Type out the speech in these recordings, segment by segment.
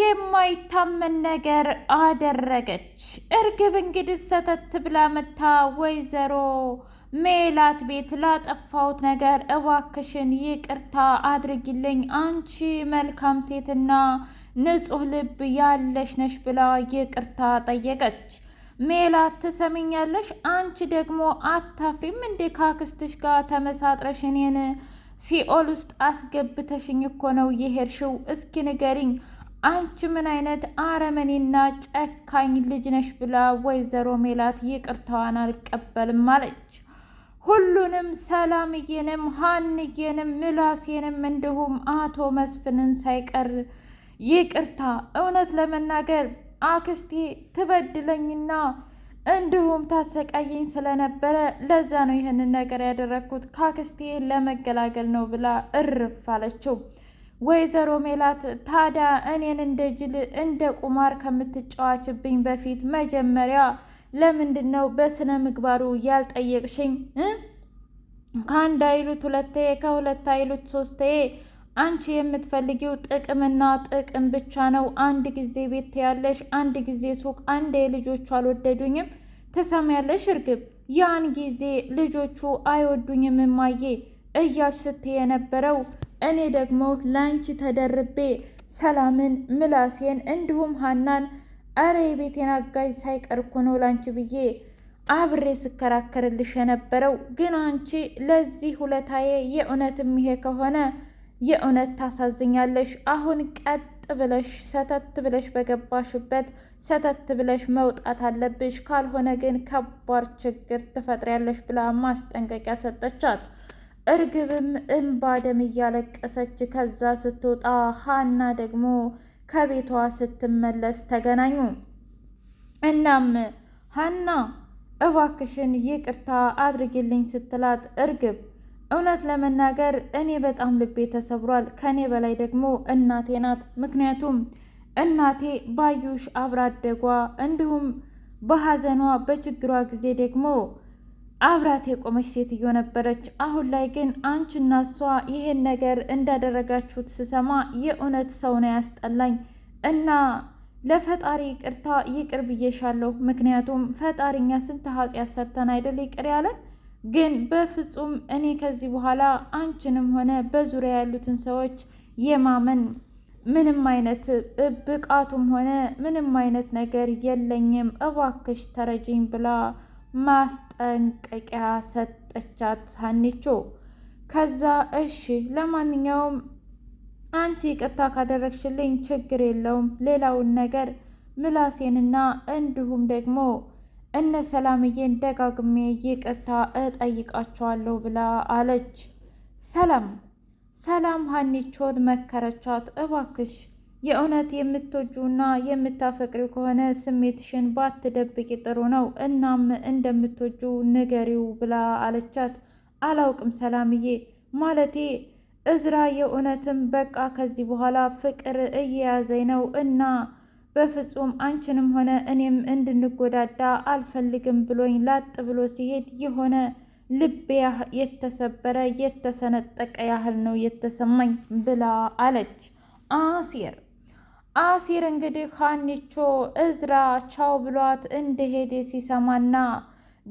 የማይታመን ነገር አደረገች። እርግብ እንግዲህ ሰተት ብላ መታ ወይዘሮ ሜላት ቤት ላጠፋሁት ነገር እባክሽን ይቅርታ አድርጊልኝ፣ አንቺ መልካም ሴትና ንጹሕ ልብ ያለሽ ነሽ ብላ ይቅርታ ጠየቀች። ሜላት ትሰሚኛለሽ? አንቺ ደግሞ አታፍሪም እንዴ? ካክስትሽ ጋር ተመሳጥረሽ እኔን ሲኦል ውስጥ አስገብተሽኝ እኮ ነው የሄድሽው። እስኪ ንገሪኝ አንቺ ምን አይነት አረመኔና ጨካኝ ልጅ ነሽ ብላ ወይዘሮ ሜላት ይቅርታዋን አልቀበልም አለች። ሁሉንም ሰላምዬንም፣ ሀንዬንም፣ ምላሴንም እንዲሁም አቶ መስፍንን ሳይቀር ይቅርታ እውነት ለመናገር አክስቴ ትበድለኝና እንዲሁም ታሰቃየኝ ስለነበረ ለዛ ነው ይህንን ነገር ያደረግኩት፣ ካክስቴ ለመገላገል ነው ብላ እርፍ አለችው። ወይዘሮ ሜላት ታዲያ እኔን እንደ ጅል እንደ ቁማር ከምትጫዋችብኝ በፊት መጀመሪያ ለምንድን ነው በስነ ምግባሩ ያልጠየቅሽኝ? ከአንድ አይሉት ሁለቴ፣ ከሁለት አይሉት ሶስቴ። አንቺ የምትፈልጊው ጥቅምና ጥቅም ብቻ ነው። አንድ ጊዜ ቤት ያለሽ፣ አንድ ጊዜ ሱቅ፣ አንዴ ልጆቹ አልወደዱኝም። ትሰሚያለሽ እርግብ? ያን ጊዜ ልጆቹ አይወዱኝም እማዬ እያልሽ ስትይ የነበረው እኔ ደግሞ ላንቺ ተደርቤ ሰላምን፣ ምላሴን እንዲሁም ሀናን አረ የቤቴን አጋዥ ሳይቀር እኮ ነው ላንቺ ብዬ አብሬ ስከራከርልሽ የነበረው ግን አንቺ ለዚህ ሁለታዬ የእውነት ይሄ ከሆነ የእውነት ታሳዝኛለሽ። አሁን ቀጥ ብለሽ ሰተት ብለሽ በገባሽበት ሰተት ብለሽ መውጣት አለብሽ፣ ካልሆነ ግን ከባድ ችግር ትፈጥሪያለሽ ብላ ማስጠንቀቂያ ሰጠቻት። እርግብም እምባ ደም እያለቀሰች ከዛ ስትወጣ ሀና ደግሞ ከቤቷ ስትመለስ ተገናኙ። እናም ሀና እባክሽን ይቅርታ አድርጊልኝ ስትላት እርግብ እውነት ለመናገር እኔ በጣም ልቤ ተሰብሯል። ከእኔ በላይ ደግሞ እናቴ ናት። ምክንያቱም እናቴ ባዩሽ አብራደጓ እንዲሁም በሀዘኗ በችግሯ ጊዜ ደግሞ አብራት የቆመች ሴትዮ ነበረች። አሁን ላይ ግን አንቺና እሷ ይሄን ነገር እንዳደረጋችሁት ስሰማ የእውነት ሰው ነው ያስጠላኝ እና ለፈጣሪ ይቅርታ ይቅር ብዬሻለሁ። ምክንያቱም ፈጣሪኛ ስንት ኃጢአት ሰርተን አይደል ይቅር ያለን። ግን በፍጹም እኔ ከዚህ በኋላ አንቺንም ሆነ በዙሪያ ያሉትን ሰዎች የማመን ምንም አይነት ብቃቱም ሆነ ምንም አይነት ነገር የለኝም። እባክሽ ተረጅኝ ብላ ማስጠንቀቂያ ሰጠቻት ሀኒቾ። ከዛ እሺ ለማንኛውም አንቺ ይቅርታ ካደረግሽልኝ ችግር የለውም ሌላውን ነገር ምላሴንና እንዲሁም ደግሞ እነ ሰላምዬን ደጋግሜ ይቅርታ እጠይቃቸዋለሁ ብላ አለች። ሰላም ሰላም ሀኒቾን መከረቻት። እባክሽ የእውነት የምትወጁና የምታፈቅሪው ከሆነ ስሜትሽን ባትደብቂ ጥሩ ነው። እናም እንደምትወጁ ንገሪው ብላ አለቻት። አላውቅም ሰላምዬ፣ ማለቴ እዝራ የእውነትም በቃ ከዚህ በኋላ ፍቅር እየያዘኝ ነው እና በፍጹም አንቺንም ሆነ እኔም እንድንጎዳዳ አልፈልግም ብሎኝ ላጥ ብሎ ሲሄድ የሆነ ልቤ የተሰበረ የተሰነጠቀ ያህል ነው የተሰማኝ ብላ አለች አሴር አሲር እንግዲህ ሀኒቾ እዝራ ቻው ብሏት እንደሄደ ሲሰማና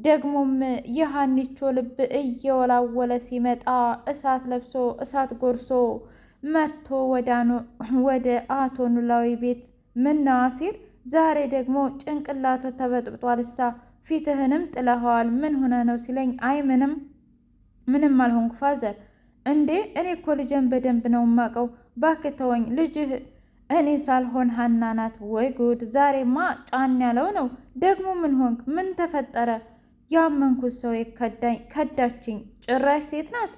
ደግሞም የሀኒቾ ልብ እየወላወለ ሲመጣ እሳት ለብሶ እሳት ጎርሶ መጥቶ ወደ አቶ ኖላዊ ቤት ምና አሲር ዛሬ ደግሞ ጭንቅላት ተበጥብጧል፣ እሳ ፊትህንም ጥለኸዋል፣ ምን ሆነ ነው ሲለኝ፣ አይ ምንም ምንም አልሆንኩ ፋዘር። እንዴ እኔ እኮ ልጄን በደንብ ነው የማውቀው፣ ባክህ ተወኝ ልጅህ እኔ ሳልሆን ሀና ናት። ወይ ጉድ! ዛሬማ ጫን ያለው ነው። ደግሞ ምን ሆንክ? ምን ተፈጠረ? ያመንኩት ሰው ከዳችኝ። ጭራሽ ሴት ናት።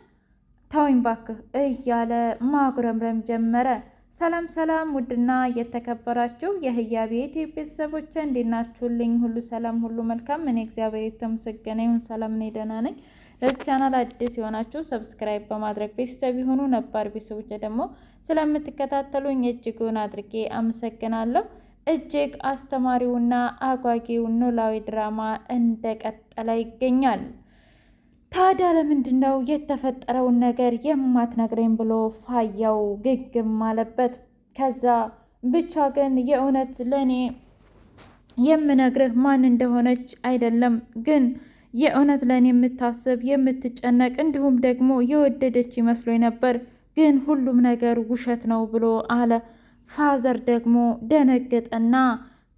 ተወኝ ባክህ እያለ ማጉረምረም ጀመረ። ሰላም ሰላም፣ ውድና የተከበራችሁ የህያ ቤት ቤተሰቦች እንዴት ናችሁልኝ? ሁሉ ሰላም፣ ሁሉ መልካም። እኔ እግዚአብሔር የተመሰገነ ይሁን ሰላም ነኝ፣ ደህና ነኝ። ለዚህ ቻናል አዲስ የሆናችሁ ሰብስክራይብ በማድረግ ቤተሰብ የሆኑ ነባር ቤተሰቦች ደግሞ ስለምትከታተሉኝ እጅጉን አድርጌ አመሰግናለሁ። እጅግ አስተማሪውና አጓጊው ኖላዊ ድራማ እንደቀጠለ ይገኛል። ታዲያ ለምንድን ነው የተፈጠረውን ነገር የማትነግረኝ ብሎ ፋያው ግግም አለበት። ከዛ ብቻ ግን የእውነት ለእኔ የምነግርህ ማን እንደሆነች አይደለም ግን የእውነት ለእኔ የምታስብ የምትጨነቅ እንዲሁም ደግሞ የወደደች ይመስሎኝ ነበር፣ ግን ሁሉም ነገር ውሸት ነው ብሎ አለ። ፋዘር ደግሞ ደነገጠና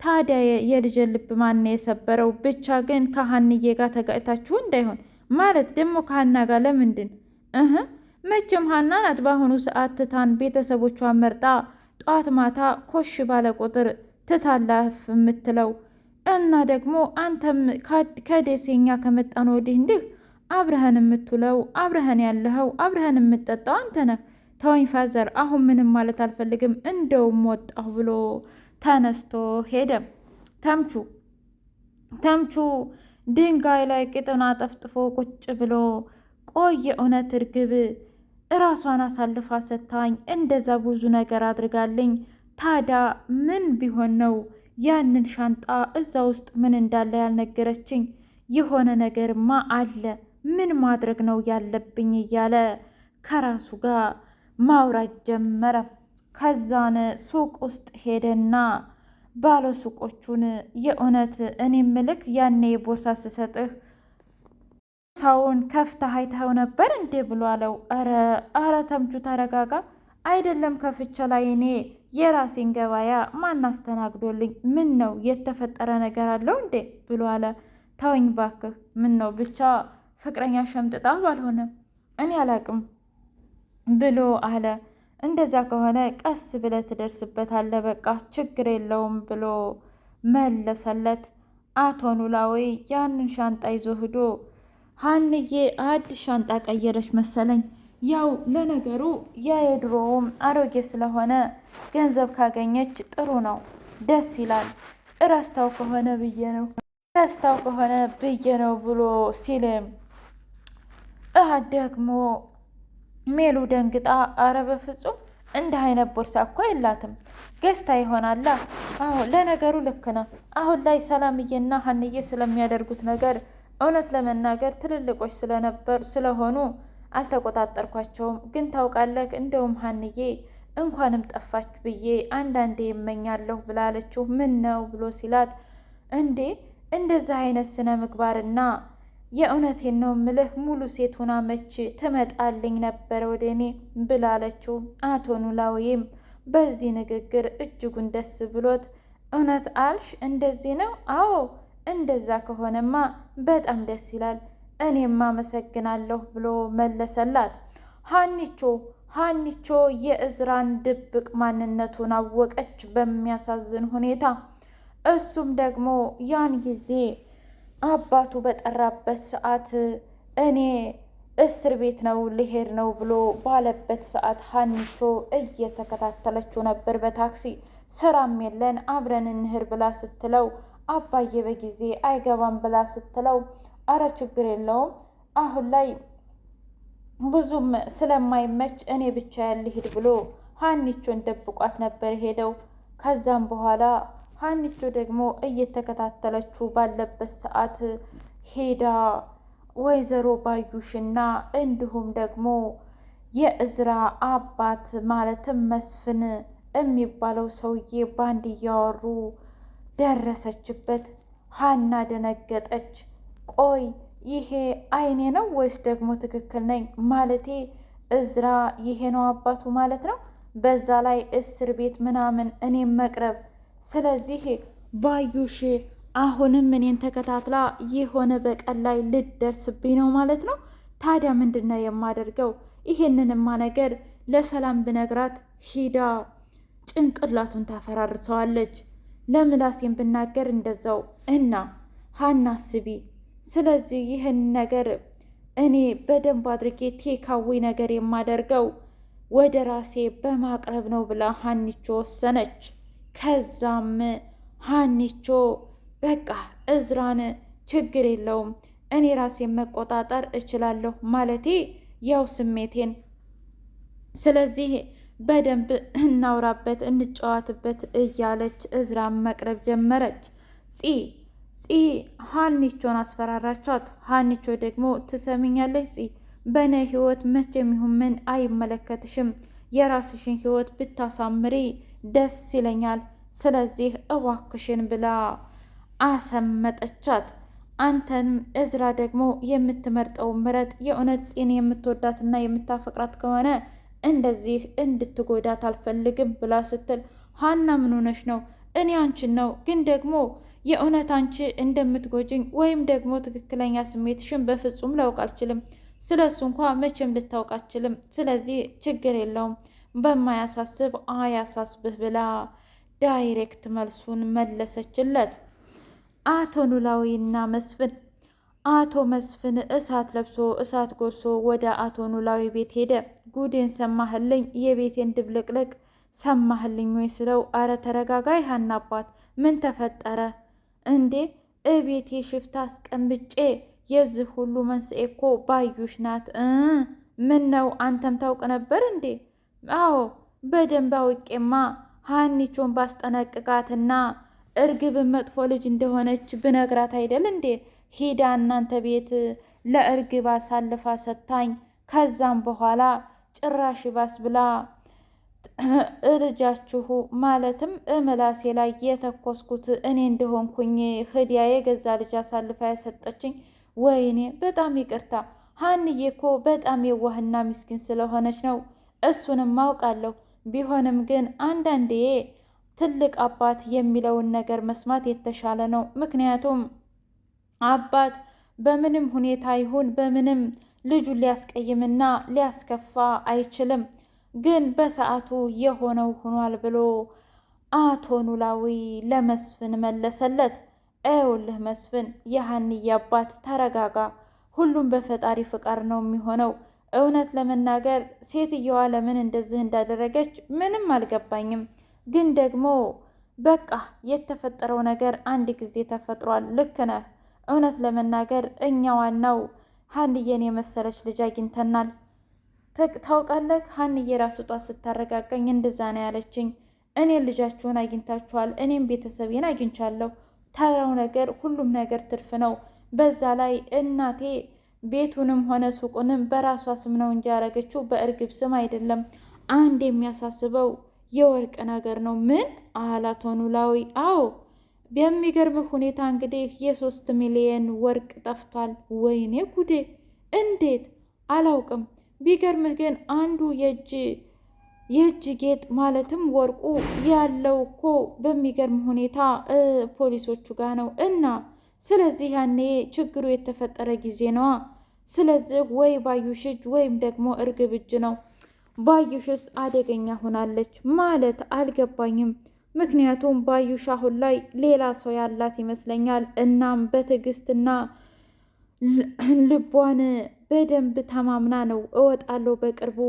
ታዲያ የልጅ ልብ ማን የሰበረው? ብቻ ግን ከሀንዬ ጋር ተጋጭታችሁ እንዳይሆን ማለት ደግሞ ከሀና ጋር ለምንድን እህ መቼም ሀና ናት በአሁኑ ሰዓት ትታን ቤተሰቦቿን መርጣ ጧት ማታ ኮሽ ባለ ቁጥር ትታላፍ የምትለው እና ደግሞ አንተም ከደሴኛ ከመጣን ወዲህ እንዲህ አብረህን የምትውለው አብረህን ያለኸው አብረህን የምትጠጣው አንተ ነህ። ተወኝ ፋዘር፣ አሁን ምንም ማለት አልፈልግም፣ እንደውም ወጣሁ ብሎ ተነስቶ ሄደ። ተምቹ ተምቹ ድንጋይ ላይ ቅጥና ጠፍጥፎ ቁጭ ብሎ ቆየ። እውነት እርግብ እራሷን አሳልፋ ሰታኝ እንደዛ ብዙ ነገር አድርጋልኝ። ታዲያ ምን ቢሆን ነው ያንን ሻንጣ እዛ ውስጥ ምን እንዳለ ያልነገረችኝ? የሆነ ነገርማ አለ። ምን ማድረግ ነው ያለብኝ? እያለ ከራሱ ጋር ማውራት ጀመረ። ከዛን ሱቅ ውስጥ ሄደና ባለ ሱቆቹን የእውነት እኔ ምልክ ያኔ ቦርሳ ስሰጥህ ሳውን ከፍተህ አይተኸው ነበር እንዴ ብሎ አለው። ኧረ ተምቹ ተረጋጋ። አይደለም ከፍቼ ላይ እኔ የራሴን ገበያ ማን አስተናግዶልኝ? ምን ነው የተፈጠረ ነገር አለው እንዴ ብሎ አለ። ተወኝ ባክህ። ምን ነው ብቻ ፍቅረኛ ሸምጥጣ ባልሆነ እኔ አላቅም ብሎ አለ። እንደዚያ ከሆነ ቀስ ብለ ትደርስበታለ በቃ ችግር የለውም ብሎ መለሰለት። አቶ ኖላዊ ያንን ሻንጣ ይዞ ሂዶ ሀንዬ አዲስ ሻንጣ ቀየረች መሰለኝ። ያው ለነገሩ የድሮውም አሮጌ ስለሆነ ገንዘብ ካገኘች ጥሩ ነው፣ ደስ ይላል። እረስታው ከሆነ ብዬ ነው እረስታው ከሆነ ብዬ ነው ብሎ ሲልም እህ ደግሞ ሜሉ ደንግጣ አረ በፍጹም እንደ አይነት ቦርሳ እኮ የላትም ገዝታ ይሆናላ። አዎ ለነገሩ ልክ ነው። አሁን ላይ ሰላምዬና ሀንዬ ስለሚያደርጉት ነገር እውነት ለመናገር ትልልቆች ስለነበር ስለሆኑ አልተቆጣጠርኳቸውም። ግን ታውቃለህ፣ እንደውም ሀንዬ እንኳንም ጠፋች ብዬ አንዳንዴ የመኛለሁ ብላለችው። ምን ነው ብሎ ሲላት እንዴ እንደዚህ አይነት ስነ ምግባርና የእውነቴን ነው ምልህ ሙሉ ሴት ሆና መች ትመጣልኝ ነበረ ወደ እኔ ብላለችው። አቶ ኖላዊም በዚህ ንግግር እጅጉን ደስ ብሎት እውነት አልሽ እንደዚህ ነው? አዎ እንደዛ ከሆነማ በጣም ደስ ይላል፣ እኔም አመሰግናለሁ ብሎ መለሰላት። ሀኒቾ ሀኒቾ የእዝራን ድብቅ ማንነቱን አወቀች በሚያሳዝን ሁኔታ። እሱም ደግሞ ያን ጊዜ አባቱ በጠራበት ሰዓት እኔ እስር ቤት ነው ልሄድ ነው ብሎ ባለበት ሰዓት ሀኒቾ እየተከታተለችው ነበር በታክሲ ስራም የለን አብረን እንሂድ ብላ ስትለው አባዬ በጊዜ አይገባም ብላ ስትለው አረ ችግር የለውም አሁን ላይ ብዙም ስለማይመች እኔ ብቻ ያልሄድ ብሎ ሀኒቾን ደብቋት ነበር ሄደው ከዛም በኋላ ሀንቾ ደግሞ እየተከታተለችው ባለበት ሰዓት ሄዳ ወይዘሮ ባዩሽና እንዲሁም ደግሞ የእዝራ አባት ማለትም መስፍን የሚባለው ሰውዬ ባንድ እያወሩ ደረሰችበት። ሀና ደነገጠች። ቆይ ይሄ አይኔ ነው ወይስ ደግሞ ትክክል ነኝ? ማለቴ እዝራ ይሄ ነው አባቱ ማለት ነው። በዛ ላይ እስር ቤት ምናምን እኔም መቅረብ ስለዚህ ባዩሽ አሁንም እኔን ተከታትላ የሆነ በቀል ላይ ልደርስብኝ ነው ማለት ነው። ታዲያ ምንድን ነው የማደርገው? ይሄንንማ ነገር ለሰላም ብነግራት ሂዳ ጭንቅላቱን ታፈራርሰዋለች። ለምላሴን ብናገር እንደዛው እና ሀና አስቢ። ስለዚህ ይህን ነገር እኔ በደንብ አድርጌ ቴካዊ ነገር የማደርገው ወደ ራሴ በማቅረብ ነው ብላ ሀኒቾ ወሰነች። ከዛም ሀኒቾ በቃ እዝራን ችግር የለውም እኔ ራሴ መቆጣጠር እችላለሁ፣ ማለቴ ያው ስሜቴን። ስለዚህ በደንብ እናውራበት፣ እንጫወትበት እያለች እዝራን መቅረብ ጀመረች። ፂ ፂ ሀኒቾን አስፈራራቻት። ሀኒቾ ደግሞ ትሰምኛለች ፂ በነ ህይወት መቼም ይሁን ምን አይመለከትሽም። የራስሽን ህይወት ብታሳምሪ ደስ ይለኛል። ስለዚህ እባክሽን ብላ አሰመጠቻት። አንተን እዝራ ደግሞ የምትመርጠው ምረጥ። የእውነት ፂን የምትወዳትና የምታፈቅራት ከሆነ እንደዚህ እንድትጎዳት አልፈልግም ብላ ስትል ሀና ምን ሆነሽ ነው? እኔ አንቺን ነው ግን ደግሞ የእውነት አንቺ እንደምትጎጅኝ ወይም ደግሞ ትክክለኛ ስሜትሽን በፍጹም ላውቅ አልችልም። ስለ እሱ እንኳ መቼም ልታውቅ አልችልም። ስለዚህ ችግር የለውም በማያሳስብ አያሳስብህ ብላ ዳይሬክት መልሱን መለሰችለት። አቶ ኖላዊና መስፍን አቶ መስፍን እሳት ለብሶ እሳት ጎርሶ ወደ አቶ ኖላዊ ቤት ሄደ። ጉዴን ሰማህልኝ? የቤቴን ድብልቅልቅ ሰማህልኝ ወይ ስለው፣ አረ ተረጋጋይ ሀና አባት ምን ተፈጠረ እንዴ? እቤቴ ሽፍታ አስቀምጬ የዚህ ሁሉ መንስኤ እኮ ባዩሽ ናት ምን ነው አንተም ታውቅ ነበር እንዴ? አዎ በደንብ አውቄማ ሀኒቾን ባስጠነቅቃትና እርግብን መጥፎ ልጅ እንደሆነች ብነግራት አይደል እንዴ ሂዳ እናንተ ቤት ለእርግብ አሳልፋ ሰታኝ ከዛም በኋላ ጭራሽ ባስ ብላ እርጃችሁ ማለትም እምላሴ ላይ የተኮስኩት እኔ እንደሆንኩኝ ህዲያ የገዛ ልጅ አሳልፋ ያሰጠችኝ። ወይኔ በጣም ይቅርታ ሀንዬ እኮ በጣም የዋህና ምስኪን ስለሆነች ነው። እሱንም ማውቃለሁ። ቢሆንም ግን አንዳንዴ ትልቅ አባት የሚለውን ነገር መስማት የተሻለ ነው። ምክንያቱም አባት በምንም ሁኔታ ይሁን በምንም ልጁን ሊያስቀይምና ሊያስከፋ አይችልም። ግን በሰዓቱ የሆነው ሆኗል ብሎ አቶ ኖላዊ ለመስፍን መለሰለት። ኤውልህ መስፍን፣ የሀንዬ አባት ተረጋጋ፣ ሁሉም በፈጣሪ ፍቃድ ነው የሚሆነው እውነት ለመናገር ሴትየዋ ለምን እንደዚህ እንዳደረገች ምንም አልገባኝም። ግን ደግሞ በቃ የተፈጠረው ነገር አንድ ጊዜ ተፈጥሯል። ልክ ነህ። እውነት ለመናገር እኛ ዋናው ሀንዬን የመሰለች ልጅ አግኝተናል። ታውቃለህ፣ ሀንዬ ራሱ ጧት ስታረጋገኝ እንደዛ ነው ያለችኝ። እኔ ልጃችሁን አግኝታችኋል፣ እኔም ቤተሰቤን አግኝቻለሁ። ታራው ነገር ሁሉም ነገር ትርፍ ነው። በዛ ላይ እናቴ ቤቱንም ሆነ ሱቁንም በራሷ ስም ነው እንጂ ያረገችው በእርግብ ስም አይደለም። አንድ የሚያሳስበው የወርቅ ነገር ነው። ምን አላት ኖላዊ። አዎ በሚገርም ሁኔታ እንግዲህ የሶስት ሚሊየን ወርቅ ጠፍቷል። ወይኔ ጉዴ! እንዴት አላውቅም። ቢገርምህ ግን አንዱ የእጅ የእጅ ጌጥ ማለትም ወርቁ ያለው እኮ በሚገርም ሁኔታ ፖሊሶቹ ጋር ነው እና ስለዚህ ያኔ ችግሩ የተፈጠረ ጊዜ ነዋ። ስለዚህ ወይ ባዩሽ እጅ ወይም ደግሞ እርግብ እጅ ነው። ባዩሽስ አደገኛ ሆናለች ማለት አልገባኝም። ምክንያቱም ባዩሽ አሁን ላይ ሌላ ሰው ያላት ይመስለኛል። እናም በትዕግስትና ልቧን በደንብ ተማምና ነው እወጣለሁ በቅርቡ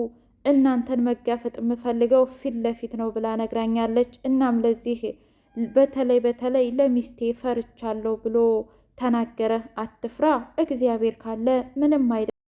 እናንተን መጋፈጥ የምፈልገው ፊት ለፊት ነው ብላ ነግራኛለች። እናም ለዚህ በተለይ በተለይ ለሚስቴ ፈርቻለሁ ብሎ ተናገረ። አትፍራ፣ እግዚአብሔር ካለ ምንም አይደ